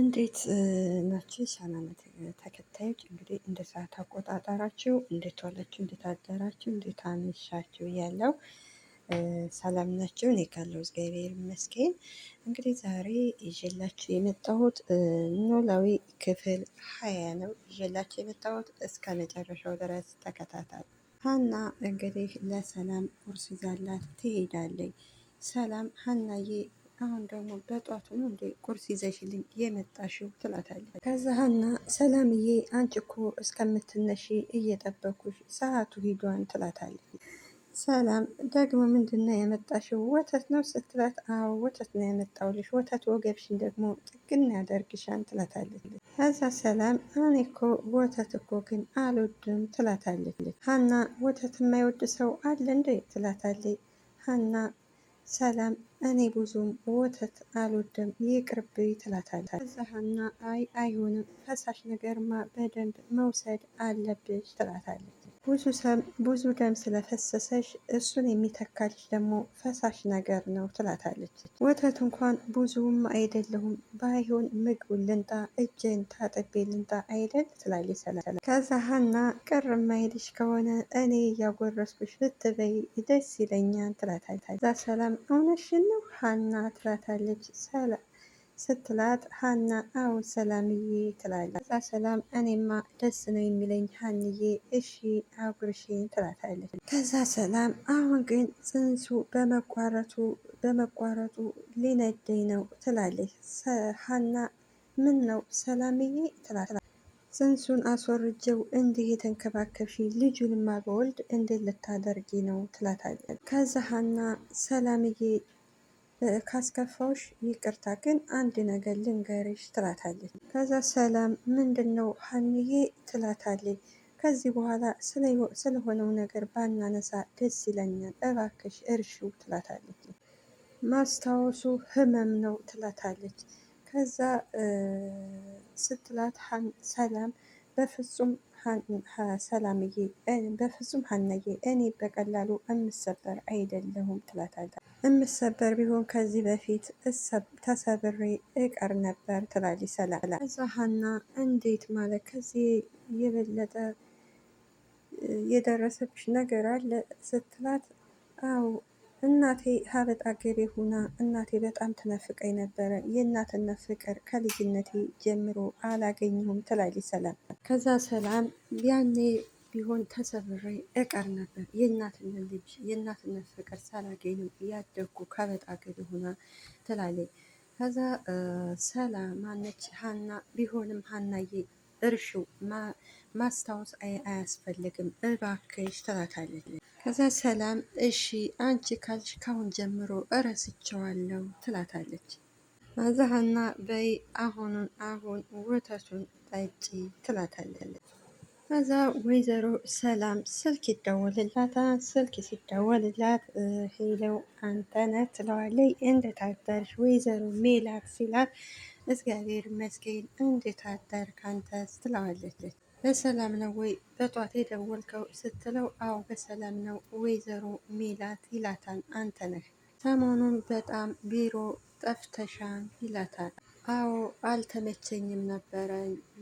እንዴት ናቸው ሰላም ተከታዮች እንግዲህ እንደ ሰዓት አቆጣጠራችሁ እንዴት ዋላችሁ? እንዴት አደራችሁ? እንዴት አመሻችሁ? እያለው ሰላም ናቸው። እኔ ካለው እግዚአብሔር ይመስገን። እንግዲህ ዛሬ ይዤላችሁ የመጣሁት ኖላዊ ክፍል ሀያ ነው ይዤላችሁ የመጣሁት እስከ መጨረሻው ድረስ ተከታታል። ሀና እንግዲህ ለሰላም ቁርስ ይዛላት ትሄዳለች። ሰላም ሀናዬ አሁን ደግሞ በጧቱ ነው እንዴ ቁርስ ይዘሽልኝ የመጣሽው? ትላታለች። ከዛ ሀና ሰላምዬ፣ አንቺ እኮ እስከምትነሺ እየጠበኩሽ ሰዓቱ ሂዷን ትላታለች። ሰላም ደግሞ ምንድን ነው የመጣሽው? ወተት ነው ስትላት፣ አዎ ወተት ነው የመጣሁልሽ። ወተት ወገብሽን ደግሞ ጥግን ያደርግሻን ትላታለች። ከዛ ሰላም እኔ እኮ ወተት እኮ ግን አልወድም ትላታለች። ሀና ወተት የማይወድ ሰው አለ እንዴ? ትላታለች ሀና ሰላም እኔ ብዙም ወተት አልወድም ይቅርብኝ ትላታለች። ከዛ ሀና አይ አይሆንም ፈሳሽ ነገርማ በደንብ መውሰድ አለብሽ ትላታለች። ብዙ ደም ስለፈሰሰሽ እሱን የሚተካልሽ ደግሞ ፈሳሽ ነገር ነው ትላታለች። ወተት እንኳን ብዙም አይደለሁም ባይሆን ምግብ ልንጣ እጄን ታጥቤ ልንጣ አይደል ትላለች ሰላም። ከዛ ሀና ቅር ማይልሽ ከሆነ እኔ እያጎረስኩሽ ብትበይ ደስ ይለኛል ትላታለች። ዛ ሰላም እውነሽን ነው ሀና ትላታለች። ሰላም ስትላት ሀና አው ሰላምዬ ትላለች። እዛ ሰላም እኔማ ደስ ነው የሚለኝ ሀንዬ እሺ አጉርሽኝ ትላታለች። ከዛ ሰላም አሁን ግን ጽንሱ በመቋረቱ በመቋረጡ ሊነደኝ ነው ትላለች። ሀና ምን ነው ሰላምዬ ትላት ጽንሱን አስወርጀው እንዲህ የተንከባከብሽ ልጁን ማበወልድ እንዴት ልታደርጊ ነው ትላታለች። ከዛ ሀና ሰላምዬ ካስከፋውሽ ይቅርታ፣ ግን አንድ ነገር ልንገርሽ ትላታለች። ከዛ ሰላም ምንድን ነው ሀንዬ ትላታለች። ከዚህ በኋላ ስለሆነው ነገር ባናነሳ ደስ ይለኛል፣ እባክሽ እርሺው ትላታለች። ማስታወሱ ህመም ነው ትላታለች። ከዛ ስትላት ሰላም በፍጹም ሰላምዬ በፍጹም ሀናዬ እኔ በቀላሉ እምሰበር አይደለሁም ትላታለች። እምሰበር ቢሆን ከዚህ በፊት ተሰብሬ እቀር ነበር ትላል ሰላም። እዛ ሀና እንዴት ማለት ከዚህ የበለጠ የደረሰብሽ ነገር አለ ስትላት፣ አው እናቴ ሀበጥ አገሬ ሁና እናቴ በጣም ትነፍቀኝ ነበረ። የእናትነት ፍቅር ከልጅነቴ ጀምሮ አላገኘሁም ትላለች ሰላም። ከዛ ሰላም ያኔ ቢሆን ተሰብሬ እቀር ነበር። የእናትነት ልጅ የእናትነት ፍቅር ሳላገኝም ያደግኩ ከሀበጥ አገሬ ሁና ትላለች። ከዛ ሰላም ማነች ሀና ቢሆንም ሀናዬ እርሹ ማስታወስ አያስፈልግም እባክሽ ትላታለች። ከዛ ሰላም እሺ አንቺ ካልሽ ካሁን ጀምሮ እረስቸዋለሁ ትላታለች። አዛሃና በይ አሁኑን አሁን ወተቱን ጠጪ ትላታለች። ከዛ ወይዘሮ ሰላም ስልክ ይደወልላታ። ስልክ ሲደወልላት ሄለው አንተነህ ትለዋለች። እንዴት አደርሽ ወይዘሮ ሜላት ሲላት እግዚአብሔር ይመስገን እንዴት አደርክ አንተስ ትለዋለች። በሰላም ነው ወይ በጧት የደወልከው ስትለው አዎ በሰላም ነው ወይዘሮ ሜላት ይላታል አንተ አንተነህ። ሰሞኑን በጣም ቢሮ ጠፍተሻን ይላታል። አዎ አልተመቸኝም ነበረ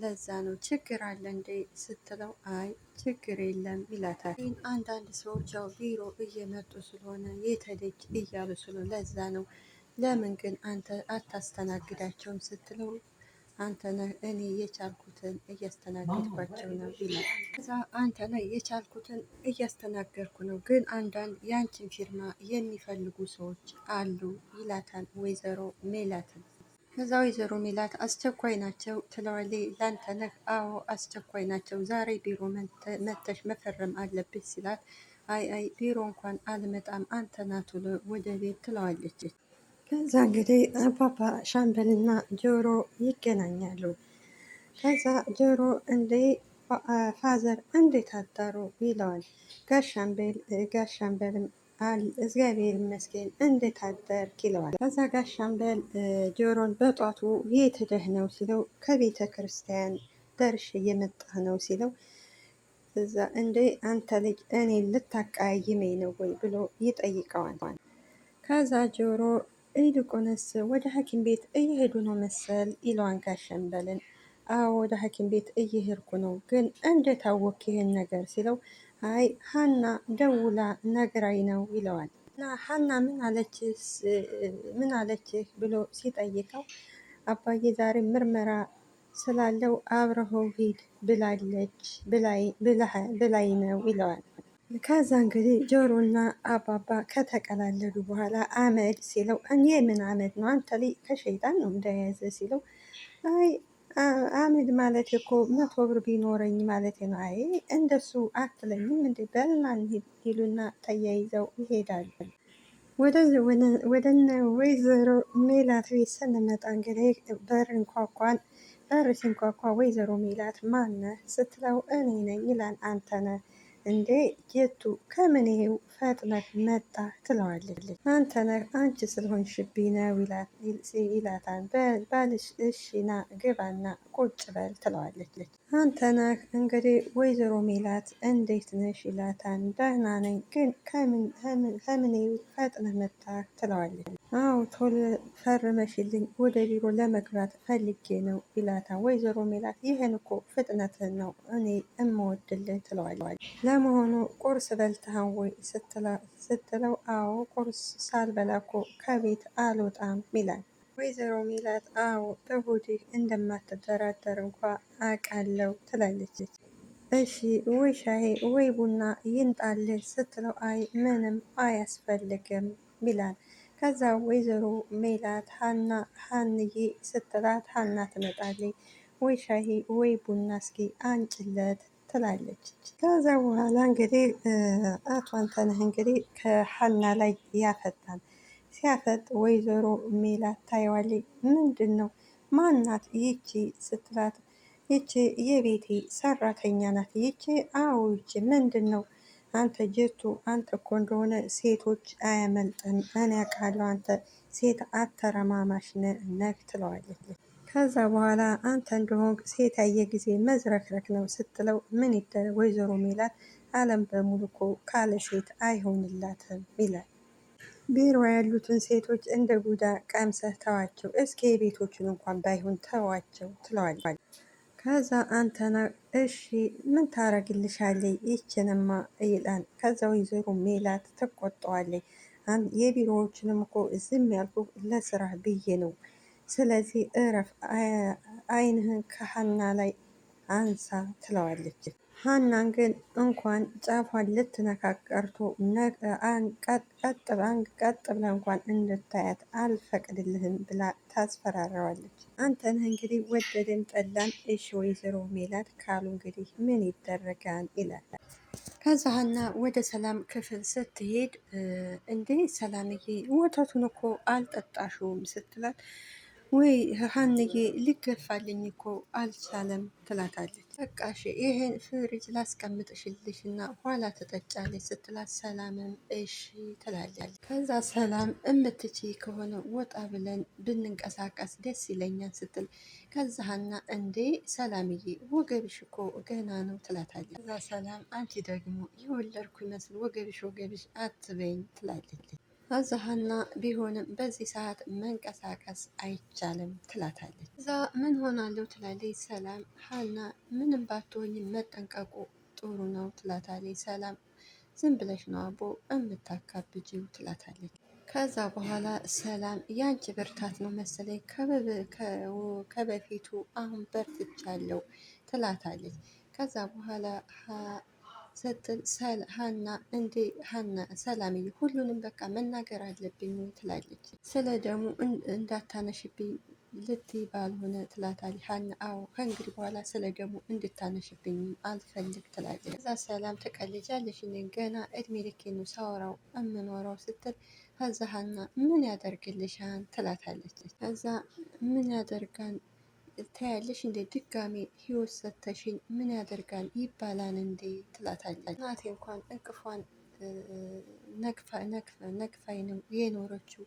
ለዛ ነው። ችግር አለ እንዴ ስትለው አይ ችግር የለም ይላታል። ግን አንዳንድ ሰዎች ያው ቢሮ እየመጡ ስለሆነ የተደጅ እያሉ ስለሆነ ለዛ ነው። ለምን ግን አንተ አታስተናግዳቸውም ስትለው ነህ እኔ የቻልኩትን እያስተናገድኳቸው ነው ይላል። ከዛ ነህ የቻልኩትን እያስተናገድኩ ነው፣ ግን አንዳንድ የአንቺን ፊርማ የሚፈልጉ ሰዎች አሉ ይላታል ወይዘሮ ሜላትን። ከዛ ወይዘሮ ሜላት አስቸኳይ ናቸው ትለዋለች ነህ። አዎ አስቸኳይ ናቸው፣ ዛሬ ቢሮ መተሽ መፈረም አለብሽ ሲላት አይ አይ ቢሮ እንኳን አልመጣም አንተና ናቱ ወደ ቤት ትለዋለች። ከዛ እንግዲህ አባባ ሻምበልና ጆሮ ይገናኛሉ። ከዛ ጆሮ እንዴ ፋዘር እንዴት አዳሩ ይለዋል። ጋሻምበል ሻምበል አል ሻምበልም እግዚአብሔር ይመስገን እንዴት አደርክ ይለዋል። ከዛ ጋሻምበል ሻምበል ጆሮን በጧቱ የት ሄደህ ነው ሲለው ከቤተ ክርስቲያን ደርሽ እየመጣ ነው ሲለው እዛ እንዴ አንተ ልጅ እኔ ልታቃይሜ ነው ወይ ብሎ ይጠይቀዋል። ከዛ ጆሮ ይልቁንስ ወደ ሐኪም ቤት እየሄዱ ነው መሰል ይለዋን ጋሸንበልን። አዎ ወደ ሐኪም ቤት እየሄድኩ ነው፣ ግን እንዴት አወክ ይሄን ነገር ሲለው አይ ሀና ደውላ ነግራኝ ነው ይለዋል። እና ሀና ምን አለችህ ብሎ ሲጠይቀው አባዬ ዛሬ ምርመራ ስላለው አብረኸው ሂድ ብላለች ብላይ ነው ይለዋል። ከዛ እንግዲህ ጆሮና አባባ ከተቀላለዱ በኋላ አመድ ሲለው እኔ ምን አመድ ነው አንተ ላይ ከሸይጣን ነው እንደያዘ ሲለው፣ አይ አመድ ማለት እኮ መቶ ብር ቢኖረኝ ማለት ነው። አይ እንደሱ አትለኝም እንደ በልና ይሉና ተያይዘው ይሄዳሉ። ወደዚህ ወደነ ወይዘሮ ሜላት ቤት ስንመጣ እንግዲህ በር እንኳኳን። በር ሲንኳኳ ወይዘሮ ሜላት ማነ ስትለው እኔ ነኝ ይላል። አንተነ እንዴ ጌቱ ከምን ይሄው ፈጥነህ መጣ ትለዋለች። አንተ ነህ አንቺ ስለሆንሽብኝ ነው ይላታን ባልሽ እሺና ግባና ቁጭ በል ትለዋለች። አንተ ነህ እንግዲህ ወይዘሮ ሜላት እንዴት ነሽ ይላታል። ደህና ነኝ ግን ከምኔ ፈጥነህ መጣህ ትለዋለች። አዎ ቶሎ ፈርመሽልኝ ወደ ቢሮ ለመግባት ፈልጌ ነው ይላታል። ወይዘሮ ሜላት ይህን እኮ ፍጥነትህን ነው እኔ እምወድልህ ትለዋለች። ለመሆኑ ቁርስ በልተሃል ወይ ስትለው አዎ ቁርስ ሳልበላ እኮ ከቤት አልወጣም ይላል። ወይዘሮ ሜላት አዎ በሆድህ እንደማትደራደር እንኳ አቃለው ትላለች። እሺ ወይ ሻይ ወይ ቡና ይንጣልህ ስትለው አይ ምንም አያስፈልግም ይላል። ከዛ ወይዘሮ ሜላት ሀና ሀንዬ ስትላት ሀና ትመጣለች። ወይ ሻሂ ወይ ቡና እስኪ አንጭለት ትላለች። ከዛ በኋላ እንግዲህ አቶ አንተነህ እንግዲህ ከሀና ላይ ያፈጣል። ሲያፈጥ! ወይዘሮ ሜላት ታየዋለች። ምንድነው ማን ናት ይቺ ስትላት ይቺ የቤቴ ሰራተኛ ናት። ይቺ አዎ ይቺ ምንድነው አንተ ጀቱ አንተ እኮ እንደሆነ ሴቶች አያመልጥም። እኔ ያውቃለሁ አንተ ሴት አተረማማሽ ነህ ትለዋለች። ከዛ በኋላ አንተ እንደሆንክ ሴት ያየ ጊዜ መዝረክረክ ነው ስትለው ምን ይደረግ ወይዘሮ ሜላት አለም በሙሉ እኮ ካለ ሴት አይሆንላትም ይላል። ቢሮ ያሉትን ሴቶች እንደ ጉዳ ቀምሰህ ተዋቸው፣ እስኪ የቤቶቹን እንኳን ባይሆን ተዋቸው ትለዋል። ከዛ አንተና እሺ ምን ታረግልሻለች ይችንማ ይላል። ከዛ ወይዘሮ ሜላት ትቆጠዋለች። የቢሮዎችንም እኮ ዝም ያልኩ ለስራ ብዬ ነው። ስለዚህ እረፍ፣ አይንህን ከሀና ላይ አንሳ ትለዋለች። ሀናን ግን እንኳን ጫፏን ልትነካት ቀርቶ ቀጥ ብላ እንኳን እንድታያት አልፈቅድልህም ብላ ታስፈራረዋለች። አንተን እንግዲህ ወደድን ጠላን እሺ ወይዘሮ ሜላት ካሉ እንግዲህ ምን ይደረጋል ይላል። ከዛ ሀና ወደ ሰላም ክፍል ስትሄድ እንዴ ሰላምዬ ወተቱን እኮ አልጠጣሽውም ስትላት ወይ ሀንዬ ሊገፋልኝ እኮ አልቻለም ትላታለች። በቃ ይሄን ፍሪጅ ላስቀምጥሽልሽ እና ኋላ ተጠጫለች ስትላት፣ ሰላምም እሺ ትላለች። ከዛ ሰላም እምትችይ ከሆነ ወጣ ብለን ብንንቀሳቀስ ደስ ይለኛል ስትል፣ ከዛህና እንዴ ሰላምዬ ወገብሽ እኮ ገና ነው ትላታለች። ከዛ ሰላም አንቺ ደግሞ የወለድኩ ይመስል ወገብሽ ወገብሽ አትበይኝ ትላለች። አዛሃና ቢሆንም በዚህ ሰዓት መንቀሳቀስ አይቻልም ትላታለች። እዛ ምን ሆናለሁ ትላለች ሰላም። ሀና ምንም ባትሆኝ መጠንቀቁ ጥሩ ነው ትላታለች ሰላም። ዝም ብለሽ ነው አቦ እምታካብጂው ትላታለች። ከዛ በኋላ ሰላም ያንቺ ብርታት ነው መሰለኝ ከበፊቱ አሁን በርትቻለሁ ትላታለች። ከዛ በኋላ ስትል ሀና እንዴ ሀና ሰላምዬ ሁሉንም በቃ መናገር አለብኝ ትላለች። ስለ ደሙ እንዳታነሽብኝ ልትይ ባልሆነ ትላታለች ሀና። አዎ ከእንግዲህ በኋላ ስለ ደሙ እንድታነሽብኝ አልፈልግ ትላለች። እዛ ሰላም ትቀልጃለሽ፣ እኔን ገና እድሜ ነው ሳወራው እምኖረው ስትል ከዛ ሀና ምን ያደርግልሻን ትላታለች። ከዛ ምን ያደርጋን ታያለሽ እንደ ድጋሜ ህይወት ሰተሽኝ ምን ያደርጋል ይባላል እንዴ ትላታለች። ናቴ እንኳን እንቅፏን ነግፋይንም የኖረችው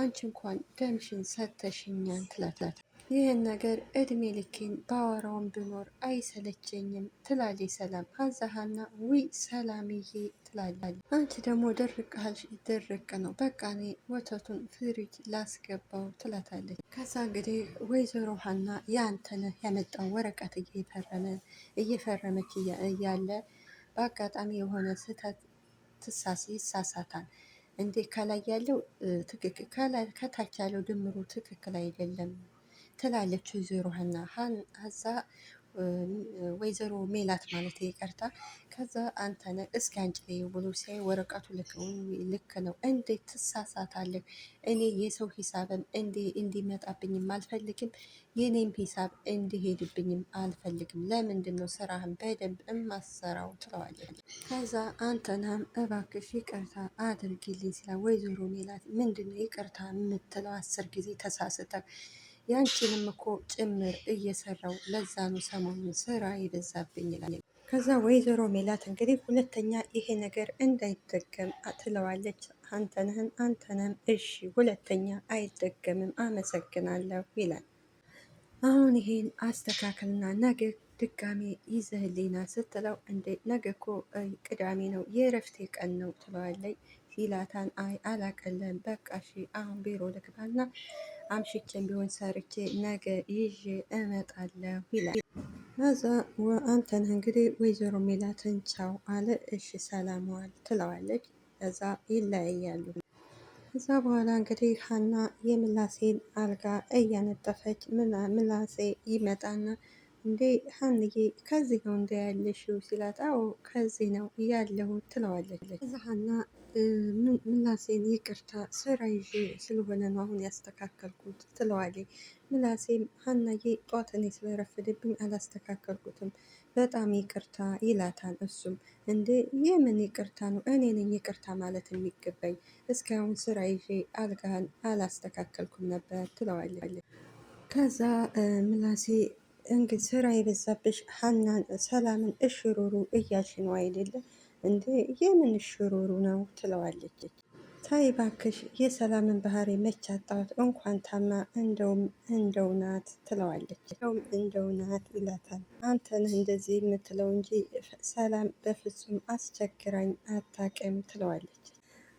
አንቺ እንኳን ደምሽን ሰተሽኛን ትላትላት። ይህን ነገር እድሜ ልኬን ባወራውን ብኖር አይሰለቸኝም ትላለች ሰላም። አዛሃና ዊ ሰላምዬ ትላለች። አንቺ ደግሞ ድርቅ ድርቅ ነው፣ በቃ እኔ ወተቱን ፍሪጅ ላስገባው ትላታለች። ከዛ እንግዲህ ወይዘሮ ሀና ያንተነህ ያመጣው ወረቀት እየፈረመች እያለ በአጋጣሚ የሆነ ስህተት ትሳስ ይሳሳታል። እንዴ ከላይ ያለው ትክክል ከታች ያለው ድምሩ ትክክል አይደለም ትላለች ወይዘሮ ሀና። ሀዛ ወይዘሮ ሜላት ማለት ይቀርታ። ከዛ አንተነህ እስኪ አንጭ ብሎ ሲያይ ወረቀቱ ልክ ነው፣ እንዴት ትሳሳታለህ? እኔ የሰው ሂሳብም እንዲመጣብኝም አልፈልግም፣ የኔም ሂሳብ እንዲሄድብኝም አልፈልግም። ለምንድን ነው ስራህን በደንብ እማሰራው? ትለዋለች። ከዛ አንተነህም እባክሽ ይቅርታ አድርጊልኝ ሲላ ወይዘሮ ሜላት ምንድን ይቅርታ የምትለው? አስር ጊዜ ተሳስተህ ያንቺንም እኮ ጭምር እየሰራው ለዛ ነው ሰሞኑን ስራ የበዛብኝ ይላል። ከዛ ወይዘሮ ሜላት እንግዲህ ሁለተኛ ይሄ ነገር እንዳይደገም ትለዋለች። አንተነህን አንተነም እሺ ሁለተኛ አይደገምም አመሰግናለሁ ይላል። አሁን ይሄን አስተካከልና ነገ ድጋሜ ይዘህልኝና ስትለው እንዴ ነገ እኮ ቅዳሜ ነው የእረፍቴ ቀን ነው ትለዋለች። ይላታል። አይ አላቀለም፣ በቃ እሺ አሁን ቢሮ ልግባና አምሽቼም ቢሆን ሰርቼ ነገ ይዤ እመጣለሁ ይላል። ከዛ አንተን እንግዲህ ወይዘሮ ሚላትን ቻው አለ። እሺ ሰላም ዋል ትለዋለች። ከዛ ይለያያሉ። ከዛ በኋላ እንግዲህ ሀና የምላሴን አልጋ እያነጠፈች ምላሴ ይመጣና እንዴ ሀንዬ ከዚህ ነው እንደ ያለሽው ሲላት፣ አዎ ከዚህ ነው ያለሁ ትለዋለች። ከዛ ሀና ምላሴን ይቅርታ ስራ ይዤ ስለሆነ ነው አሁን ያስተካከልኩት ትለዋለች። ምላሴም ሀናዬ ጧት እኔ ስለረፍድብኝ አላስተካከልኩትም በጣም ይቅርታ ይላታል። እሱም እንዴ የምን ይቅርታ ነው? እኔ ነኝ ይቅርታ ማለት የሚገባኝ እስካሁን ስራ ይዤ አልጋህን አላስተካከልኩም ነበር ትለዋለች። ከዛ ምላሴ እንግዲህ ስራ የበዛብሽ ሀናን ሰላምን እሽሩሩ እያልሽ ነው አይደለም እንዴ የምን ሽሩሩ ነው ትለዋለች። ታይ ባክሽ የሰላምን ባህሪ መቻጣት እንኳን ታማ እንደውም እንደው ናት ትለዋለች። እንደውም እንደው ናት ይላታል። አንተን እንደዚህ የምትለው እንጂ ሰላም በፍጹም አስቸግራኝ አታቅም ትለዋለች።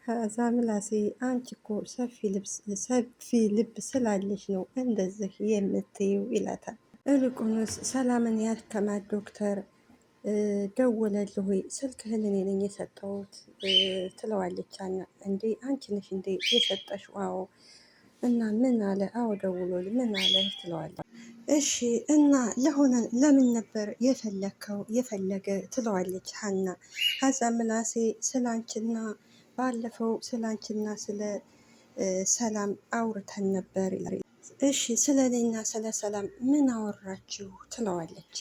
ከዛ ምላሴ አንቺ እኮ ሰፊ ልብ ስላለሽ ነው እንደዚህ የምትይው ይላታል። እልቁንስ ሰላምን ያልከማት ዶክተር ደወለልህ ወይ? ስልክህን እኔ ነኝ የሰጠሁት ትለዋለች አና እንዴ አንቺ ነሽ እንዴ የሰጠሽ አዎ። እና ምን አለ? አዎ ደውሎል። ምን አለ ትለዋለች። እሺ እና ለሆነ ለምን ነበር የፈለግከው የፈለገ ትለዋለች ሀና። ከዛ ምላሴ ስላንችና ባለፈው ስላንችና ስለ ሰላም አውርተን ነበር። እሺ ስለ እኔና ስለ ሰላም ምን አወራችሁ? ትለዋለች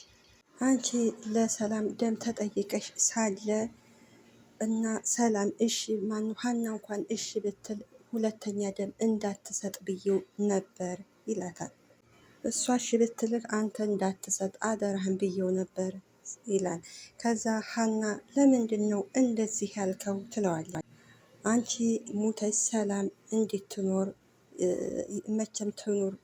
አንቺ ለሰላም ደም ተጠይቀሽ ሳለ እና ሰላም እሺ ማን ሀና እንኳን እሺ ብትል ሁለተኛ ደም እንዳትሰጥ ብዬው ነበር ይላታል። እሷ እሺ ብትልህ አንተ እንዳትሰጥ አደራህን ብዬው ነበር ይላል። ከዛ ሀና ለምንድን ነው እንደዚህ ያልከው ትለዋለች። አንቺ ሙተች ሰላም እንድትኖር መቼም ትኑር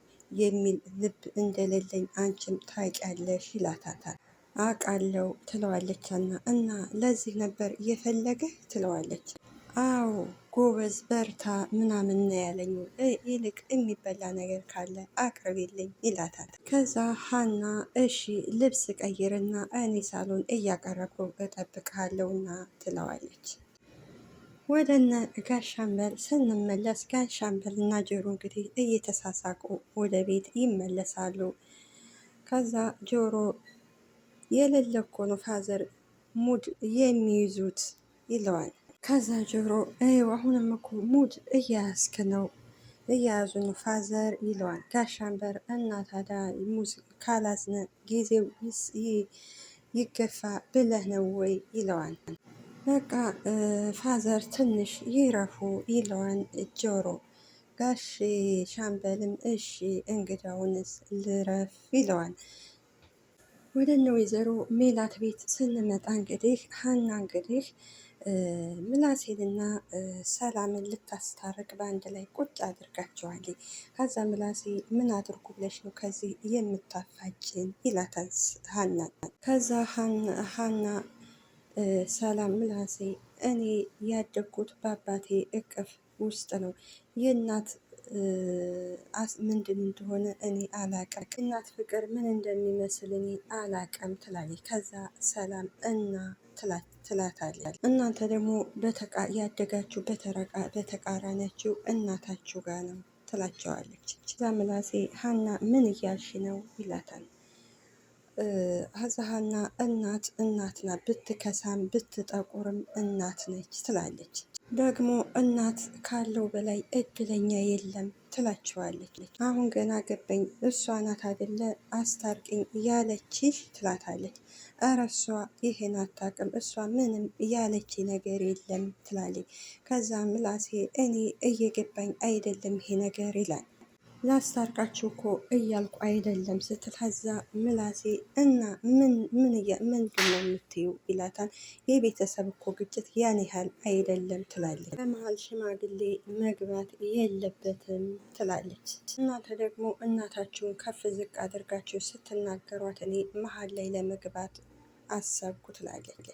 የሚል ልብ እንደሌለኝ አንቺም ታውቂያለሽ ይላታታል። አውቃለሁ ትለዋለች እና እና ለዚህ ነበር የፈለገህ ትለዋለች። አዎ ጎበዝ በርታ ምናምን ነው ያለኝ፣ ይልቅ የሚበላ ነገር ካለ አቅርቤልኝ ይላታል። ከዛ ሀና እሺ ልብስ ቀይርና እኔ ሳሎን እያቀረብኩ እጠብቅሃለሁና ትለዋለች። ወደነ ጋሻምበል ስንመለስ ጋሻምበል እና ጆሮ እንግዲህ እየተሳሳቁ ወደ ቤት ይመለሳሉ። ከዛ ጆሮ የሌለ እኮ ነው ፋዘር ሙድ የሚይዙት ይለዋል። ከዛ ጆሮ ይኸው አሁንም እኮ ሙድ እያያዝክ ነው እያያዙ ነው ፋዘር ይለዋል። ጋሻምበር እና ታዲያ ካላዝነ ጊዜው ይገፋ ብለህ ነው ወይ ይለዋል። በቃ ፋዘር ትንሽ ይረፉ ይለዋል ጆሮ። ጋሽ ሻምበልም እሺ እንግዳውንስ ልረፍ ይለዋል። ወደ ወደነ ወይዘሮ ሜላት ቤት ስንመጣ እንግዲህ ሀና እንግዲህ ምላሴንና ሰላምን ልታስታርቅ በአንድ ላይ ቁጭ አድርጋቸዋል። ከዛ ምላሴ ምን አድርጉ ብለሽ ነው ከዚህ የምታፋጭን ይላታል ሀና። ከዛ ሀና ሰላም ምላሴ እኔ ያደግኩት በአባቴ እቅፍ ውስጥ ነው የእናት ምንድን እንደሆነ እኔ አላቀም። እናት ፍቅር ምን እንደሚመስል እኔ አላቀም ትላለች። ከዛ ሰላም እና ትላታለች። እናንተ ደግሞ ያደጋችሁ በተቃራኒያችሁ እናታችሁ ጋር ነው ትላቸዋለች። እዛ ምላሴ ሀና ምን እያልሽ ነው ይላታል። ሀዛሀና እናት እናት ናት፣ ብትከሳም ብትጠቁርም እናት ነች ትላለች። ደግሞ እናት ካለው በላይ እድለኛ የለም ትላችኋለች። አሁን ገና ገባኝ እሷ ናት አይደለ አስታርቅኝ ያለችሽ ትላታለች። እረ እሷ ይሄን አታውቅም እሷ ምንም ያለች ነገር የለም ትላለች። ከዛ ምላሴ እኔ እየገባኝ አይደለም ይሄ ነገር ይላል። ላስታርቃችሁ እኮ እያልኩ አይደለም ስትል ከዛ ምላሴ እና ምን ምንድን ነው የምትዩ ይላታል። የቤተሰብ እኮ ግጭት ያን ያህል አይደለም ትላለች። በመሀል ሽማግሌ መግባት የለበትም ትላለች። እናንተ ደግሞ እናታችሁን ከፍ ዝቅ አድርጋችሁ ስትናገሯት እኔ መሀል ላይ ለመግባት አሰብኩ ትላለች።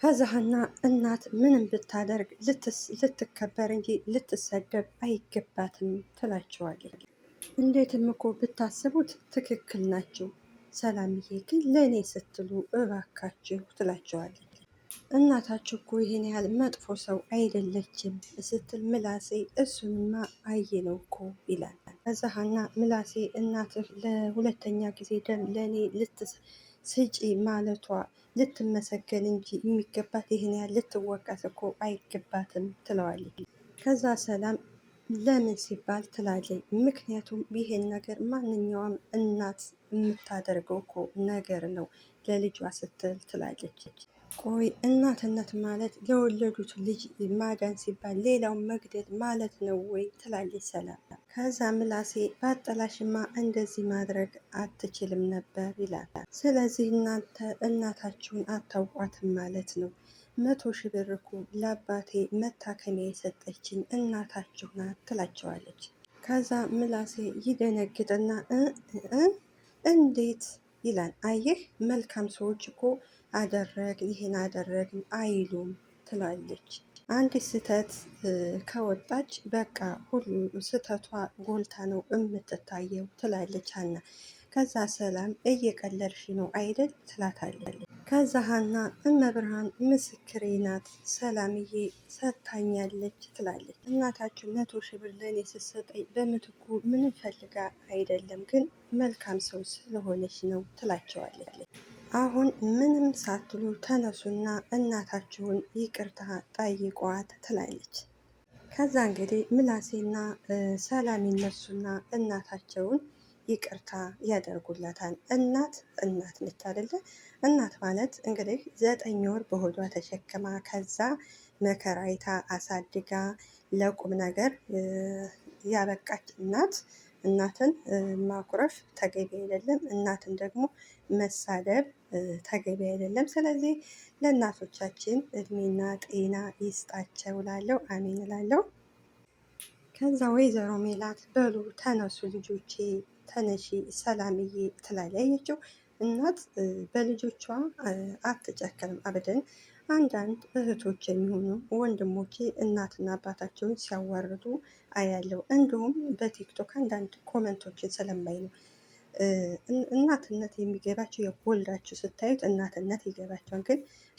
ፈዛሃና እናት ምንም ብታደርግ ልትከበር እንጂ ልትሰደብ አይገባትም ትላቸዋለች። እንዴትም እኮ ብታስቡት ትክክል ናቸው። ሰላምዬ ግን ለእኔ ስትሉ እባካችሁ ትላቸዋለች። እናታችሁ እኮ ይህን ያህል መጥፎ ሰው አይደለችም ስትል ምላሴ እሱንማ አየ ነው እኮ ይላል። ፈዛሃና ምላሴ እናትህ ለሁለተኛ ጊዜ ደም ለእኔ ልትስጪ ማለቷ ልትመሰገን እንጂ የሚገባት ይህን ያህል ልትወቀስ እኮ አይገባትም ትለዋለች። ከዛ ሰላም ለምን ሲባል ትላለች። ምክንያቱም ይሄን ነገር ማንኛውም እናት የምታደርገው እኮ ነገር ነው ለልጇ ስትል ትላለች። ቆይ እናትነት ማለት የወለዱት ልጅ ማዳን ሲባል ሌላው መግደል ማለት ነው ወይ? ትላለች ሰላም። ከዛ ምላሴ ባጠላሽማ እንደዚህ ማድረግ አትችልም ነበር ይላል ስለዚህ እናንተ እናታችሁን አታውቋትም ማለት ነው። መቶ ሺህ ብር እኮ ለአባቴ መታከሚያ የሰጠችኝ እናታችሁ ናት ትላቸዋለች። ከዛ ምላሴ ይደነግጥና እንዴት ይላል። አየህ መልካም ሰዎች እኮ አደረግን ይህን አደረግን አይሉም ትላለች። አንድ ስህተት ከወጣች በቃ ሁሉ ስህተቷ ጎልታ ነው የምትታየው ትላለች ሀና። ከዛ ሰላም እየቀለድሽ ነው አይደል ትላታለች። ከዛ ሀና እመብርሃን ምስክሬ ናት ሰላምዬ ሰታኛለች ትላለች። እናታችን መቶ ሺህ ብር ለእኔ ስትሰጠኝ በምትኩ ምንም ፈልጋ አይደለም፣ ግን መልካም ሰው ስለሆነች ነው ትላቸዋለች። አሁን ምንም ሳትሉ ተነሱና እናታችሁን ይቅርታ ጠይቋት ትላለች። ከዛ እንግዲህ ምላሴና ሰላም ይነሱና እናታቸውን ይቅርታ ያደርጉላታል። እናት እናት ነች አይደለ? እናት ማለት እንግዲህ ዘጠኝ ወር በሆዷ ተሸክማ ከዛ መከራይታ አሳድጋ ለቁም ነገር ያበቃች እናት እናትን ማኩረፍ ተገቢ አይደለም። እናትን ደግሞ መሳደብ ተገቢ አይደለም። ስለዚህ ለእናቶቻችን እድሜና ጤና ይስጣቸው ላለው አሜን ላለው። ከዛ ወይዘሮ ሜላት በሉ ተነሱ ልጆቼ ተነሺ ሰላምዬ ትላለች። እናት በልጆቿ አትጨክርም አብደን። አንዳንድ እህቶች የሚሆኑ ወንድሞቼ እናትና አባታቸውን ሲያዋርዱ አያለው። እንዲሁም በቲክቶክ አንዳንድ ኮመንቶችን ስለማይ ነው እናትነት የሚገባቸው የወልዳችሁ ስታዩት እናትነት ይገባቸዋል። ግን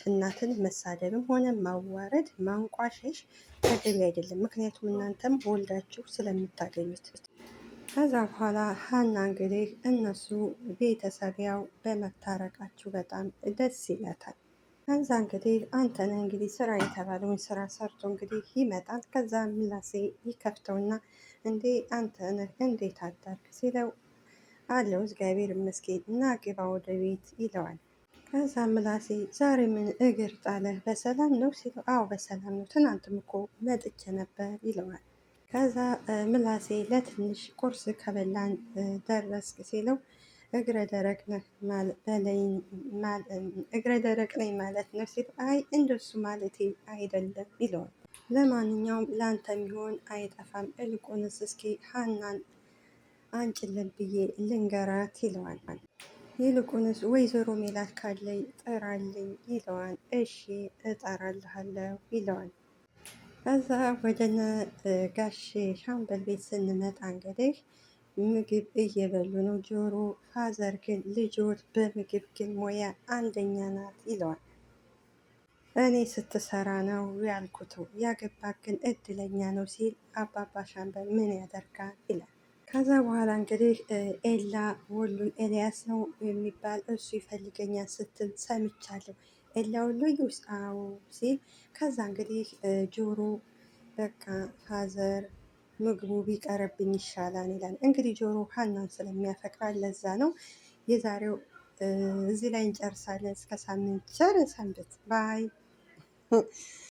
እናትን መሳደብም ሆነ ማዋረድ፣ ማንቋሸሽ ተገቢ አይደለም። ምክንያቱም እናንተም ወልዳችሁ ስለምታገኙት። ከዛ በኋላ ሀና እንግዲህ እነሱ ቤተሰብ ያው በመታረቃችሁ በጣም ደስ ይለታል። ከዛ እንግዲህ አንተነ እንግዲህ ስራ የተባለውን ስራ ሰርቶ እንግዲህ ይመጣል። ከዛ ምላሴ ይከፍተውና እንዴ አንተነ እንዴት አዳርክ ሲለው አለው እግዚአብሔር ይመስገን እና ግባ ወደ ቤት ይለዋል። ከዛ ምላሴ ዛሬ ምን እግር ጣለህ በሰላም ነው ሲለው፣ አዎ በሰላም ነው ትናንትም እኮ መጥቼ ነበር ይለዋል። ከዛ ምላሴ ለትንሽ ቁርስ ከበላን ደረስክ ሲለው እግረ ደረቅ ነኝ ማለት ነው ሲል አይ እንደሱ ማለቴ አይደለም ይለዋል። ለማንኛውም ለአንተ የሚሆን አይጠፋም፣ እልቁንስ እስኪ ሀናን አንጭለን ብዬ ልንገራት ይለዋል። ይልቁንስ ወይዘሮ ሜላት ካለኝ ጥራልኝ ይለዋል። እሺ እጠራልሃለሁ ይለዋል። ከዛ ወደነ ጋሽ ሻምበል ቤት ስንመጣ እንግዲህ ምግብ እየበሉ ነው። ጆሮ ፋዘር ግን ልጆት በምግብ ግን ሞያ አንደኛ ናት ይለዋል። እኔ ስትሰራ ነው ያልኩት ያገባ ግን እድለኛ ነው ሲል አባባ ሻምበል ምን ያደርጋል ይላል። ከዛ በኋላ እንግዲህ ኤላ ወሉን ኤልያስ ነው የሚባል እሱ ይፈልገኛል ስትል ሰምቻለሁ። ኤላ ወሎ ይውስጣው ሲል ከዛ እንግዲህ ጆሮ በቃ ፋዘር ምግቡ ቢቀርብኝ ይሻላል ይላል። እንግዲህ ጆሮ ሀናን ስለሚያፈቅራል ለዛ ነው። የዛሬው እዚህ ላይ እንጨርሳለን። እስከ ሳምንት ቸር ሰንብት ባይ